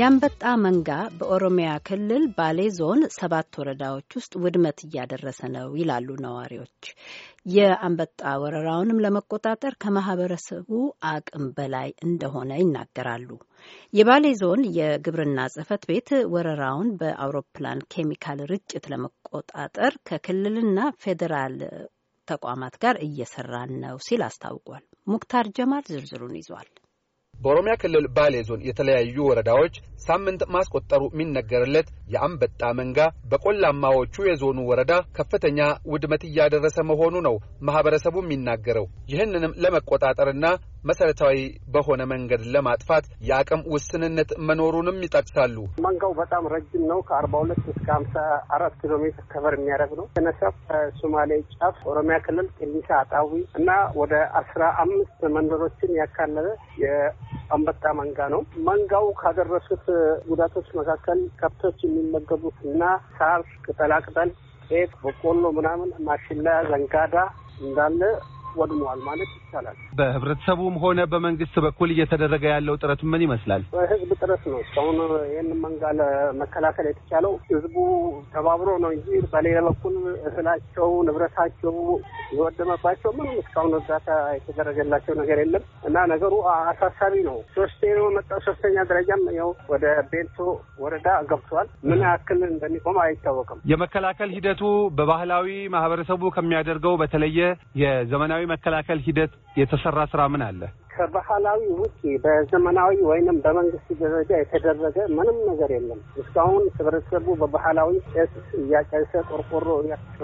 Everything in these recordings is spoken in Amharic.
የአንበጣ መንጋ በኦሮሚያ ክልል ባሌ ዞን ሰባት ወረዳዎች ውስጥ ውድመት እያደረሰ ነው ይላሉ ነዋሪዎች። የአንበጣ ወረራውንም ለመቆጣጠር ከማህበረሰቡ አቅም በላይ እንደሆነ ይናገራሉ። የባሌ ዞን የግብርና ጽህፈት ቤት ወረራውን በአውሮፕላን ኬሚካል ርጭት ለመቆጣጠር ከክልልና ፌዴራል ተቋማት ጋር እየሰራን ነው ሲል አስታውቋል። ሙክታር ጀማል ዝርዝሩን ይዟል። በኦሮሚያ ክልል ባሌ ዞን የተለያዩ ወረዳዎች ሳምንት ማስቆጠሩ የሚነገርለት የአንበጣ መንጋ በቆላማዎቹ የዞኑ ወረዳ ከፍተኛ ውድመት እያደረሰ መሆኑ ነው ማህበረሰቡ የሚናገረው። ይህንንም ለመቆጣጠርና መሰረታዊ በሆነ መንገድ ለማጥፋት የአቅም ውስንነት መኖሩንም ይጠቅሳሉ። መንጋው በጣም ረጅም ነው። ከአርባ ሁለት እስከ ሀምሳ አራት ኪሎ ሜትር ከበር የሚያደርግ ነው። ተነሳ ከሶማሌ ጫፍ ኦሮሚያ ክልል ቅኒሳ አጣዊ እና ወደ አስራ አምስት መንደሮችን ያካለለ አንበጣ መንጋ ነው። መንጋው ካደረሱት ጉዳቶች መካከል ከብቶች የሚመገቡት እና ሳር፣ ቅጠላቅጠል፣ ጤፍ፣ በቆሎ ምናምን፣ ማሽላ፣ ዘንጋዳ እንዳለ ወድመዋል ማለት ይቻላል። በህብረተሰቡም ሆነ በመንግስት በኩል እየተደረገ ያለው ጥረት ምን ይመስላል? በህዝብ ጥረት ነው። እስካሁን ይህን መንጋ ለመከላከል የተቻለው ህዝቡ ተባብሮ ነው እንጂ በሌላ በኩል እህላቸው፣ ንብረታቸው የወደመባቸው ምንም እስካሁን እርዳታ የተደረገላቸው ነገር የለም እና ነገሩ አሳሳቢ ነው። ሶስቴ ነው መጣው ሶስተኛ ደረጃም ያው ወደ ቤልቶ ወረዳ ገብቷል። ምን ያክል እንደሚቆም አይታወቅም። የመከላከል ሂደቱ በባህላዊ ማህበረሰቡ ከሚያደርገው በተለየ የዘመናዊ መከላከል ሂደት የተሰራ ስራ ምን አለ? ከባህላዊ ውጭ በዘመናዊ ወይንም በመንግስት ደረጃ የተደረገ ምንም ነገር የለም። እስካሁን ህብረተሰቡ በባህላዊ ጭስ እያጨሰ ቆርቆሮ እያጨሰ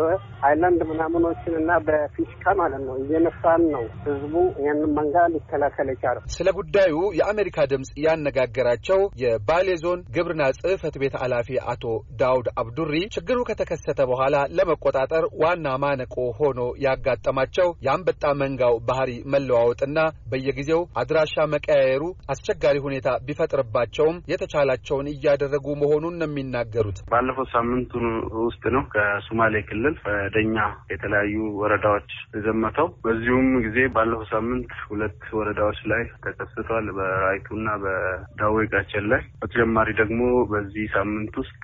አይላንድ ምናምኖችን እና በፊሽካ ማለት ነው እየነፋን ነው። ህዝቡ ያንን መንጋ ሊከላከል ይቻለ። ስለ ጉዳዩ የአሜሪካ ድምፅ ያነጋገራቸው የባሌ ዞን ግብርና ጽህፈት ቤት ኃላፊ አቶ ዳውድ አብዱሪ ችግሩ ከተከሰተ በኋላ ለመቆጣጠር ዋና ማነቆ ሆኖ ያጋጠማቸው የአንበጣ መንጋው ባህሪ መለዋወጥና በየ ለጊዜው አድራሻ መቀያየሩ አስቸጋሪ ሁኔታ ቢፈጥርባቸውም የተቻላቸውን እያደረጉ መሆኑን ነው የሚናገሩት። ባለፈው ሳምንቱ ውስጥ ነው ከሶማሌ ክልል ደኛ የተለያዩ ወረዳዎች ዘመተው በዚሁም ጊዜ ባለፈው ሳምንት ሁለት ወረዳዎች ላይ ተከስቷል፣ በራይቱና በዳዌ ቃቸል ላይ። በተጨማሪ ደግሞ በዚህ ሳምንት ውስጥ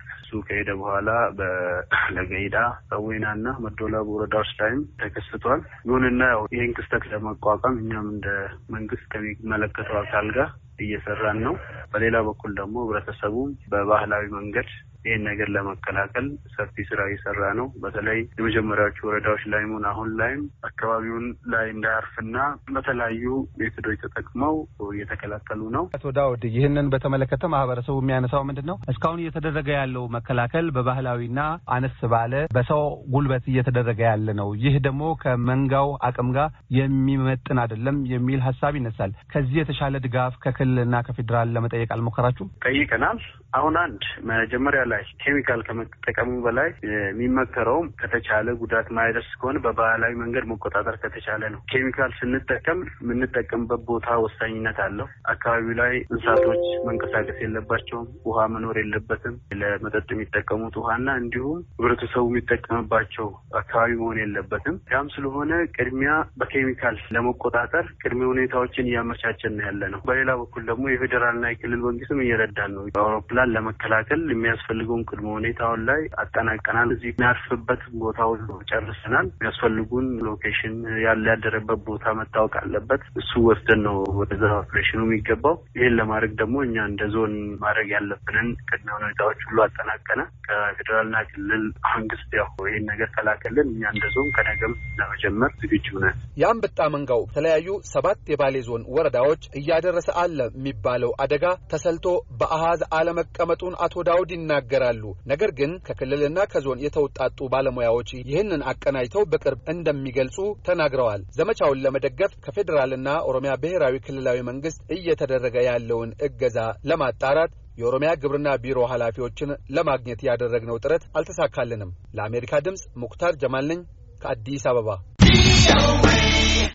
ከሄደ በኋላ በለገይዳ ሰዌናና መዶላቡ ወረዳዎች ላይም ተከስቷል። ይሁንና ይህን ክስተት ለመቋቋም እኛም እንደ መንግስት ከሚመለከተው አካል ጋር እየሰራን ነው። በሌላ በኩል ደግሞ ህብረተሰቡ በባህላዊ መንገድ ይህን ነገር ለመከላከል ሰፊ ስራ እየሰራ ነው። በተለይ የመጀመሪያዎቹ ወረዳዎች ላይ ሆን አሁን ላይም አካባቢውን ላይ እንዳያርፍና በተለያዩ ሜቶዶች ተጠቅመው እየተከላከሉ ነው። አቶ ዳውድ ይህንን በተመለከተ ማህበረሰቡ የሚያነሳው ምንድን ነው? እስካሁን እየተደረገ ያለው መከላከል በባህላዊና አነስ ባለ በሰው ጉልበት እየተደረገ ያለ ነው። ይህ ደግሞ ከመንጋው አቅም ጋር የሚመጥን አይደለም የሚል ሀሳብ ይነሳል። ከዚህ የተሻለ ድጋፍ ከክልልና ከፌዴራል ለመጠየቅ አልሞከራችሁም? ጠይቀናል። አሁን አንድ መጀመሪያ በላይ ኬሚካል ከመጠቀሙ በላይ የሚመከረውም ከተቻለ ጉዳት ማይደርስ ከሆነ በባህላዊ መንገድ መቆጣጠር ከተቻለ ነው። ኬሚካል ስንጠቀም የምንጠቀምበት ቦታ ወሳኝነት አለው። አካባቢው ላይ እንስሳቶች መንቀሳቀስ የለባቸውም። ውሃ መኖር የለበትም። ለመጠጥ የሚጠቀሙት ውሃና እንዲሁም ህብረተሰቡ የሚጠቀምባቸው አካባቢ መሆን የለበትም። ያም ስለሆነ ቅድሚያ በኬሚካል ለመቆጣጠር ቅድሚ ሁኔታዎችን እያመቻቸን ያለ ነው። በሌላ በኩል ደግሞ የፌዴራልና የክልል መንግስትም እየረዳን ነው። አውሮፕላን ለመከላከል የሚያስፈልግ የሚያስፈልገውን ቅድመ ሁኔታውን ላይ አጠናቀናል። እዚህ የሚያርፍበት ቦታ ሁሉ ጨርሰናል። የሚያስፈልጉን ሎኬሽን ያለ ያደረበት ቦታ መታወቅ አለበት። እሱ ወስደን ነው ወደዛ ኦፕሬሽኑ የሚገባው። ይህን ለማድረግ ደግሞ እኛ እንደ ዞን ማድረግ ያለብንን ቅድመ ሁኔታዎች ሁሉ አጠናቀነ። ከፌዴራልና ክልል መንግስት ያው ይህን ነገር ተላከልን። እኛ እንደ ዞን ከነገም ለመጀመር ዝግጁ ነን። የአንበጣ መንጋው የተለያዩ ሰባት የባሌ ዞን ወረዳዎች እያደረሰ አለ የሚባለው አደጋ ተሰልቶ በአሃዝ አለመቀመጡን አቶ ዳውድ ይናገራል። ይናገራሉ። ነገር ግን ከክልልና ከዞን የተውጣጡ ባለሙያዎች ይህንን አቀናጅተው በቅርብ እንደሚገልጹ ተናግረዋል። ዘመቻውን ለመደገፍ ከፌዴራልና ኦሮሚያ ብሔራዊ ክልላዊ መንግስት እየተደረገ ያለውን እገዛ ለማጣራት የኦሮሚያ ግብርና ቢሮ ኃላፊዎችን ለማግኘት ያደረግነው ጥረት አልተሳካልንም። ለአሜሪካ ድምፅ ሙክታር ጀማል ነኝ ከአዲስ አበባ።